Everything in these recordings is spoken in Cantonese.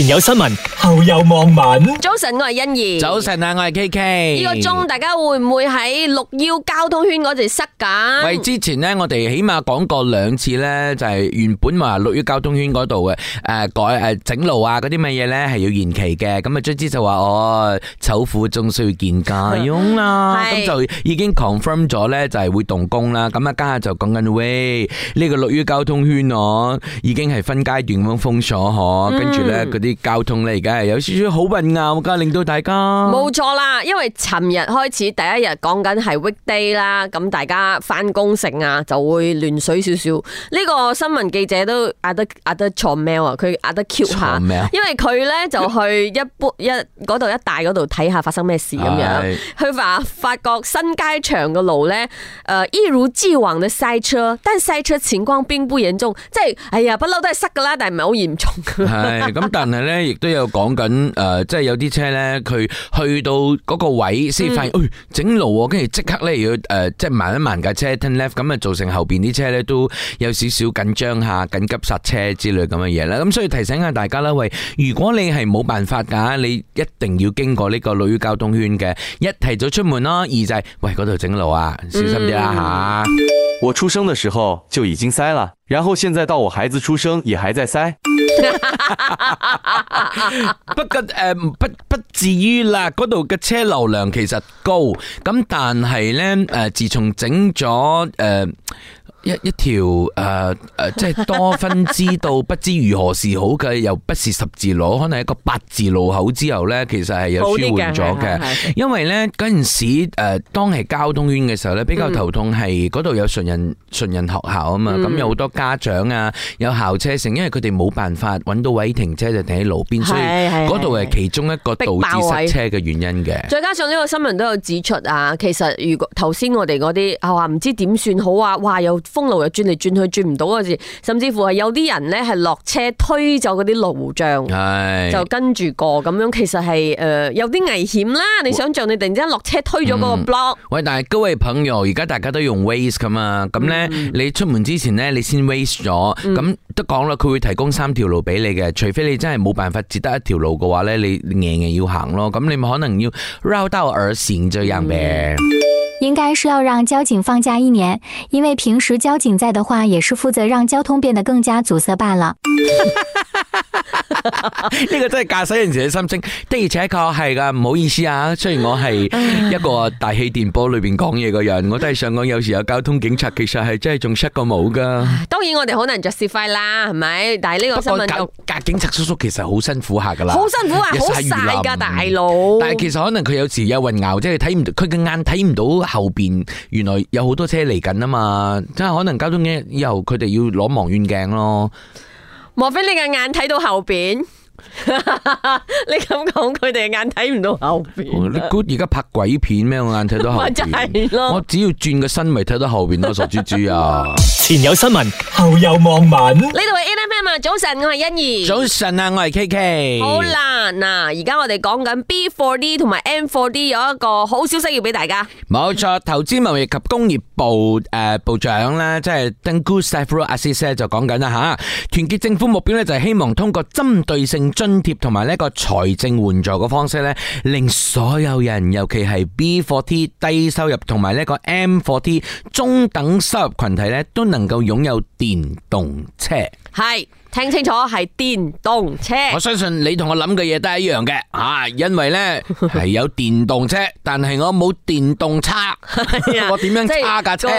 前有新聞，後有網民。早晨，我係欣怡。早晨啊，我係 K K。呢個鐘大家會唔會喺陸佑交通圈嗰度塞噶？喂，之前咧我哋起碼講過兩次咧，就係原本話陸佑交通圈嗰度嘅誒改誒整路啊嗰啲乜嘢咧係要延期嘅，咁啊卒之就話哦醜婦仲需要見家翁咁啦，咁就已經 confirm 咗咧就係會動工啦。咁啊家下就講緊喂呢個陸佑交通圈啊，已經係分階段咁樣封鎖嗬，跟住咧嗰啲。交通嚟嘅，有少少好混淆啊，咁令到大家冇錯啦。因為尋日開始第一日講緊係 weekday 啦，咁大家翻工城啊，就會亂水少少。呢、這個新聞記者都壓得壓得錯咩啊？佢壓得 Q 下，因為佢咧就去一般 一嗰度一帶嗰度睇下發生咩事咁樣。佢話發覺新街場嘅路咧，誒、呃，一如既往都塞車，但係塞車情況並不嚴重。即係，哎呀，不嬲都係塞噶啦，但係唔係好嚴重。係咁，但係。咧亦都有講緊誒，即係有啲車咧，佢去到嗰個位先發現，誒、嗯哎、整路，跟住即刻咧要誒、呃，即係慢一慢架車 turn left，咁啊造成後邊啲車咧都有少少緊張下緊急剎車之類咁嘅嘢啦。咁所以提醒下大家啦，喂，如果你係冇辦法噶，你一定要經過呢個陸佑交通圈嘅一提早出門咯，二就係，喂嗰度整路啊，小心啲啦吓。嗯我出生的時候就已經塞了，然後現在到我孩子出生也還在塞。 不、呃，不，不至於啦。嗰度嘅車流量其實高，咁但係呢，誒、呃，自從整咗誒。呃一一條誒誒，即係多分支到不知如何是好嘅，又不是十字路，可能係一個八字路口之後咧，其實係有舒緩咗嘅。因為咧嗰陣時誒，當係交通圈嘅時候咧，比較頭痛係嗰度有循人循人學校啊嘛，咁有好多家長啊，有校車性，因為佢哋冇辦法揾到位停車就停喺路邊，所以嗰度係其中一個導致塞車嘅原因嘅。再加上呢個新聞都有指出啊，其實如果頭先我哋嗰啲係話唔知點算好啊，哇又～公路又轉嚟轉去轉唔到嗰時，甚至乎係有啲人咧係落車推走嗰啲路障，是就跟住過咁樣，其實係誒、呃、有啲危險啦。哇你想象你突然之間落車推咗嗰個 block，、嗯、喂！但係各位朋友，而家大家都用 waste 噶嘛，咁咧、嗯、你出門之前咧你先 waste 咗，咁、嗯、都講啦，佢會提供三條路俾你嘅，除非你真係冇辦法截得一條路嘅話咧，你硬硬要行咯，咁你咪可能要 round 繞道而行這樣唄。嗯應該是要讓交警放假一年，因為平時交警在的話，也是負責讓交通變得更加阻塞罷了。呢 個真係駕駛人士嘅心聲。的而且確係噶，唔好意思啊，雖然我係一個大氣電波裏邊講嘢嘅人，我都係想講，有時有交通警察其實係真係仲衰過冇噶。當然我哋可能 justify 啦，係咪？但係呢個新聞又，警察叔叔其實好辛苦下噶啦，好辛苦啊，好晒噶大佬。但係其實可能佢有時有混淆，即係睇唔到，佢嘅眼睇唔到。後邊原來有好多車嚟緊啊嘛，即係可能交通警以後佢哋要攞望遠鏡咯。莫非你嘅眼睇到後邊？你咁講，佢哋眼睇唔到後邊。你估而家拍鬼片咩？我眼睇到後邊。我係咯，我只要轉個身，咪睇到後邊都傻豬豬啊！前有新聞，後有網民。呢度係 NFM 啊，早晨，我係欣怡。早晨啊，我係 K K。好啦，嗱，而家我哋講緊 B40 同埋 M40 有一個好消息要俾大家。冇錯，投資貿易及工業部誒部長咧，即係 Tengku Zafrul Aziz 就講緊啦吓，團結政府目標咧就係希望通過針對性。津貼同埋呢一個財政援助嘅方式呢，令所有人，尤其係 B40 低收入同埋呢一個 M40 中等收入群體呢都能夠擁有電動車。係。聽清楚，係電動車。我相信你同我諗嘅嘢都係一樣嘅，吓、啊，因為咧係有電動車， 但係我冇電動叉， 的 我點樣叉架車？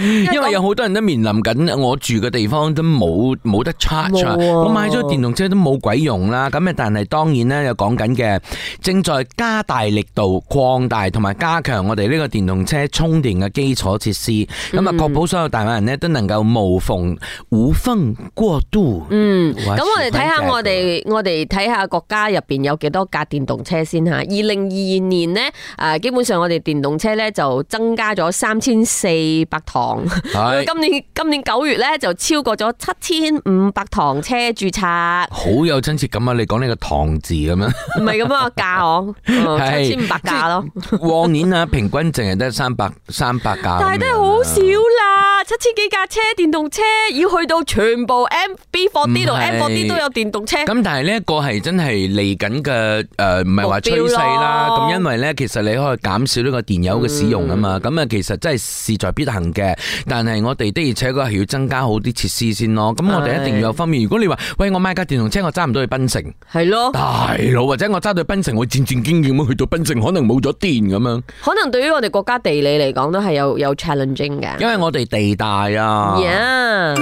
因為有好多人都面臨緊，我住嘅地方都冇冇得 charge、啊、我買咗電動車都冇鬼用啦。咁啊，但係當然咧，又講緊嘅，正在加大力度、擴大同埋加強我哋呢個電動車充電嘅基礎設施，咁啊、嗯，確、嗯、保所有大馬人咧都能夠無縫無縫過渡。嗯，咁我哋睇下我哋我哋睇下國家入邊有幾多架電動車先吓。二零二二年咧，誒，基本上我哋電動車咧就增加咗三千四百堂。係。今年今年九月咧就超過咗七千五百堂車註冊。好有親切感啊！你講呢個堂字咁樣。唔係咁樣啊，架我七千五百架咯。往年啊，平均淨係得三百三百架，但係都係好少啦，七千幾架車電動車要去到全部 M。B40< 是 >，M40 都有電動車。咁但係呢一個係真係嚟緊嘅，誒唔係話趨勢啦。咁因為咧，其實你可以減少呢個電油嘅使用啊嘛。咁啊、嗯，其實真係事在必行嘅。嗯、但係我哋的而且確係要增加好啲設施先咯。咁我哋一定要有方面。是如果你話喂，我買架電動車，我揸唔到去檳城。係咯。大佬或者我揸到去檳城，我戰戰兢兢咁去到檳城，可能冇咗電咁樣。可能對於我哋國家地理嚟講，都係有有 challenging 嘅。因為我哋地大啊。Yeah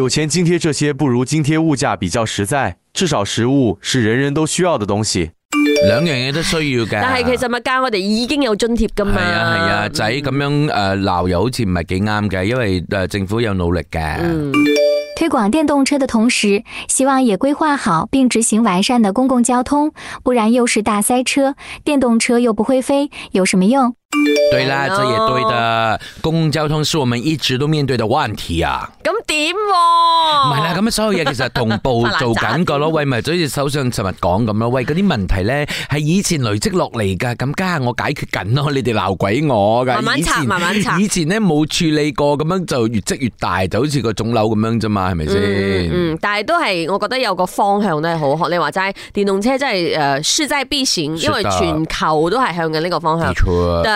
有錢津貼這些不如津貼物價比較實在，至少食物是人人都需要的東西。兩樣嘢都需要噶。 但係其實物價我哋已經有津貼噶嘛？係啊係啊，仔咁樣誒鬧又好似唔係幾啱嘅，因為誒政府有努力嘅。嗯、推廣電動車的同時，希望也規劃好並執行完善的公共交通，不然又是大塞車，電動車又不會飛，有什麼用？對啦，即、就、也、是、對的。公共交通是我們一直都面對到問題啊。咁點、啊？唔係 啦，咁所有嘢其實同步做緊噶咯。喂，咪就好似首相尋日講咁咯。喂，嗰啲問題咧係以前累積落嚟噶，咁家下我解決緊咯、啊。你哋鬧鬼我噶。慢慢拆，慢慢查。以前呢冇處理過，咁樣就越積越大，就好似個腫瘤咁樣啫嘛，係咪先？嗯，嗯，但係都係，我覺得有個方向咧好學。你說話齋，電動車真係誒勢在必行，因為全球都係向緊呢個方向。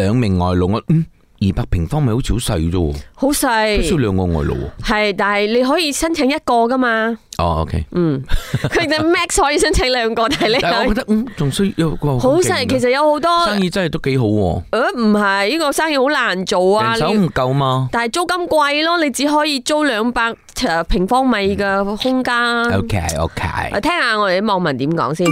兩名外勞啊，嗯，二百平方米好似好細啫，好細小，需要兩個外勞。係，但係你可以申請一個噶嘛。哦、oh，OK， 嗯，佢只 max 可以申請兩個，但係我覺得嗯仲需有個好細，其實有好多生意真係都幾好。誒，唔係呢個生意好難做啊，人手唔夠嘛？但係租金貴咯，你只可以租兩百誒平方米嘅空間。OK，OK，、okay, okay 我聽下我哋網民點講先。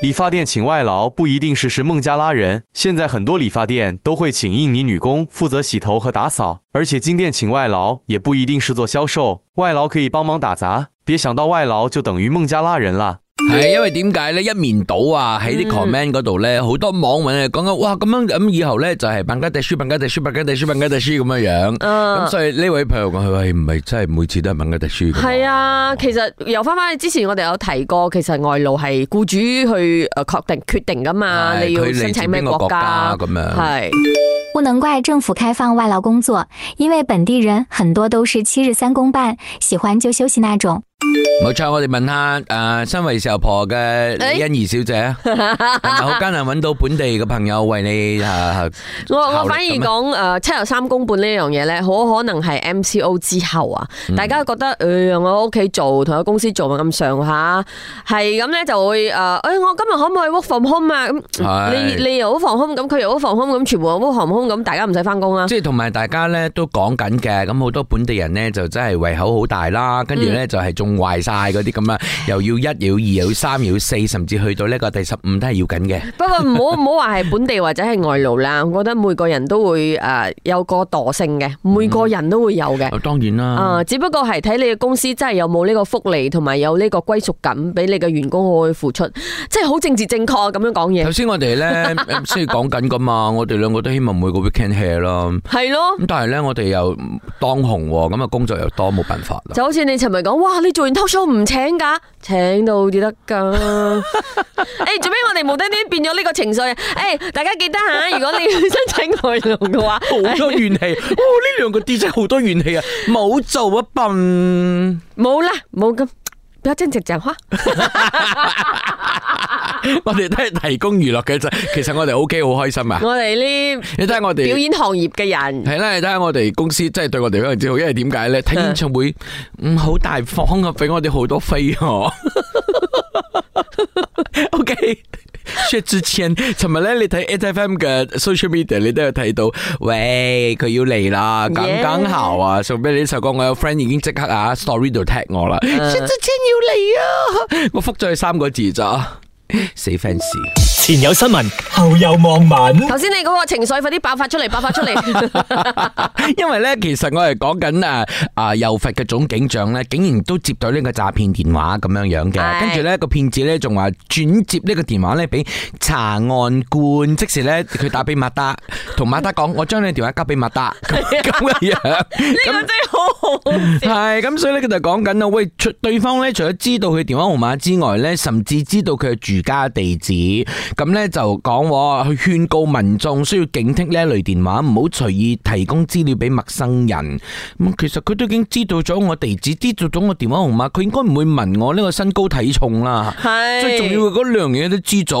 理髮店請外勞不一定是是孟加拉人，現在很多理髮店都會請印尼女工負責洗頭和打掃，而且金店請外勞也不一定是做銷售，外勞可以幫忙打雜。別想到外勞就等於孟加拉人啦，係因為點解咧？一面倒啊喺啲 comment 嗰度咧，好、嗯、多網民係講緊哇咁樣咁以後咧就係孟加得書孟加得書孟加得書孟加得書咁樣的樣，咁、嗯、所以呢位朋友講佢話唔係真係每次都係孟加得書的。係啊，其實由翻翻去之前，我哋有提過，其實外勞係僱主去誒確定決定噶嘛，你要申請咩國家咁樣係。的是不能怪政府開放外勞工作，因為本地人很多都是七日三公辦，喜歡就休息那種。冇錯，我哋問下誒，身為時候婆嘅李欣宜小姐啊，好艱難揾到本地嘅朋友為你誒。我我反而講誒，七十三公半呢樣嘢咧，好可能係 MCO 之後啊。大家覺得誒，我屋企做同個公司做咁上下係咁咧，就會誒，誒我今日可唔可以 work from home 啊？咁你你又好防空，咁佢又好防空，咁全部我都防空，咁大家唔使翻工啦。即係同埋大家咧都講緊嘅，咁好多本地人咧就真係胃口好大啦，跟住咧就係中。壞晒嗰啲咁啊，又要一又要二又要三又要四，甚至去到呢個第十五都係要緊嘅。不過唔好唔好話係本地或者係外勞啦，我覺得每個人都會誒有個惰性嘅，每個人都會有嘅。當然啦，啊，只不過係睇你嘅公司真係有冇呢個福利同埋有呢個歸屬感，俾你嘅員工可以付出，即係好政治正確咁樣講嘢。頭先我哋咧需要講緊噶嘛，我哋兩個都希望每個 weekendhea 囉，係咯。咁但係咧我哋又當紅咁啊，工作又多，冇辦法。就好似你尋日講，哇呢！做完 talk show 唔請假，請到點得噶？誒、 欸，做咩我哋無端端變咗呢個情緒，誒、欸，大家記得吓，如果你想請外勞嘅話，好多怨氣，哇、 哦！呢兩個 DJ 好多怨氣啊，冇 做啊笨，冇啦，冇咁。比較正直正嗬，我哋都係提供娛樂嘅啫，其實我哋 O K 好開心啊！我哋呢，你睇下我哋表演行業嘅人係啦，你睇下我哋公司真係對我哋非常之好，因為點解咧？睇演唱會唔好大方啊，俾我哋好多飛哦！O K。 okay. 薛之謙，尋日咧你睇 A T F M 嘅 social media，你都有睇到，喂，佢要嚟啦，咁剛，剛好啊，送俾 Yeah. 你呢首歌我有 friend 已經即刻啊 story 度 tag 我啦，薛、uh. 之謙要嚟啊，我覆咗佢三個字咋。死 fans！前有新聞，後有網民。頭先你嗰個情緒快啲爆發出嚟，爆發出嚟。 因為咧，其實我係講緊誒誒，柔、呃呃、佛嘅總警長咧，竟然都接到呢個詐騙電話咁樣樣嘅。跟住咧，個騙子咧仲話轉接呢個電話咧俾查案官，即時咧佢打俾馬達，同馬達講： 我將你電話交俾馬達咁樣。呢 個真好。係咁， 所以咧佢就講緊啊喂，對方咧除咗知道佢電話號碼之外咧，甚至知道佢住家地址。咁咧就講話去勸告民眾需要警惕呢一類電話，唔好隨意提供資料俾陌生人。咁其實佢都已經知道咗我地址、知道咗我的電話號碼，佢應該唔會問我呢個身高體重啦。係最重要嘅嗰兩樣嘢都知咗。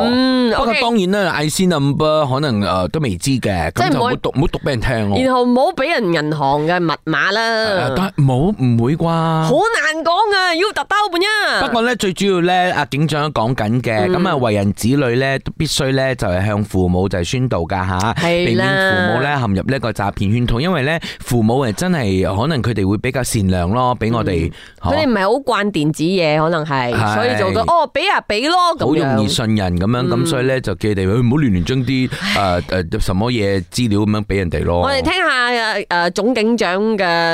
嗯，不過當然啦 okay,，I C N u m b e r 可能誒都未知嘅，咁就唔好讀唔好讀俾人聽咯。然後唔好俾人銀行嘅密碼啦。但係冇唔會啩？好難講啊，要特兜半啊。不過咧，最主要咧，阿警長講緊嘅，咁啊、嗯，為人子女咧，必須咧就係向父母就係宣導噶吓，的避免父母咧陷入呢個詐騙圈套。因為咧，父母誒真係可能佢哋會比較善良咯，俾、嗯、我哋佢哋唔係好慣電子嘢，可能係是所以做到哦，俾啊俾咯好容易信任咁樣，咁、嗯、所以咧就叫佢哋，唔好亂亂將啲誒誒什麼嘢資料咁樣俾人哋咯。我哋聽下誒誒總警長嘅。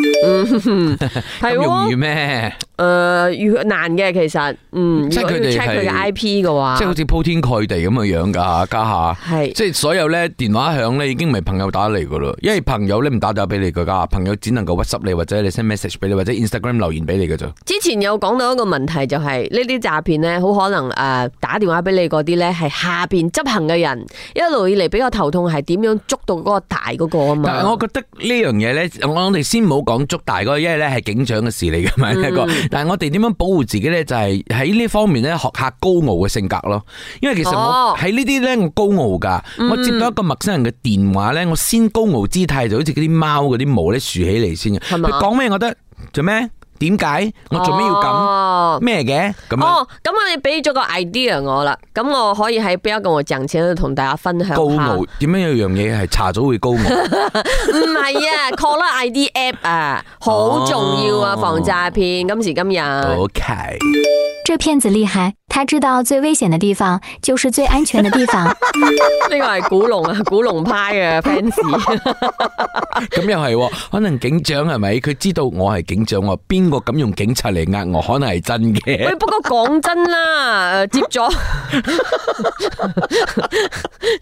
嗯，係 容易咩？誒、哦呃，難嘅其實，嗯，即係佢 check 佢嘅 IP 嘅話，即係好似鋪天蓋地咁嘅樣噶家下係是即係所有咧電話響咧，已經唔係朋友打嚟噶啦，因為朋友咧唔打電話俾你噶，朋友只能夠 WhatsApp 你或者你 send message 俾你或者 Instagram 留言俾你㗎。咋，之前有講到一個問題就係呢啲詐騙咧，好可能誒打電話俾你嗰啲咧係下邊執行嘅人，一路以嚟比較頭痛係點樣捉到嗰個大嗰、嗰個啊嘛。但係我覺得呢樣嘢咧，我哋先冇。講捉大嗰，因為咧係警長嘅事嚟噶嘛，一個。但係我哋點樣保護自己咧，就係喺呢方面咧，學下高傲嘅性格咯。因為其實我喺呢啲咧，我高傲噶。我接到一個陌生人嘅電話咧，我先高傲姿態，就好似嗰啲貓嗰啲毛咧豎起嚟先。佢講咩？我覺得做咩？點解？我做咩要咁？咩嘅、哦？咁啊？咁、哦、我你俾咗個 idea 我啦，咁我可以喺邊一個我掙錢度同大家分享高毛？點解有樣嘢係查咗會高毛？唔係 啊 ，call 啦 ID app 啊，好重要啊，哦、防詐騙。今時今日。o、okay. k 這騙子厲害，他知道最危險的地方就是最安全的地方。呢個係古龍啊，古龍派嘅 fans。咁又係，可能警長係咪？佢知道我係警長喎，邊個敢用警察嚟呃我？可能係真嘅。 不過講真啦、呃，接咗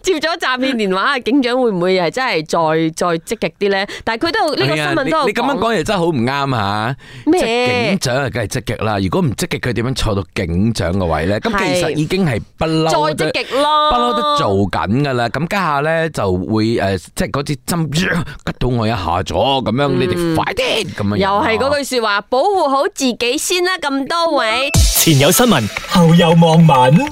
接咗詐騙電話嘅警長會唔會係真係再再積極啲咧？但係佢都有呢、哎、呀個新聞都你咁樣講嘢真係好唔啱吓。咩麼警長啊，梗係積極啦！如果唔積極，佢點樣到警長個位咧，咁是其實已經係不嬲，再積極咯，不嬲都做緊噶啦。咁家下咧就會誒、呃，即係嗰支針吉到我一下咗，咁樣、嗯、你哋快啲，咁樣又係嗰句說話，保護好自己先啦、啊。咁多位前有新聞，後有網民。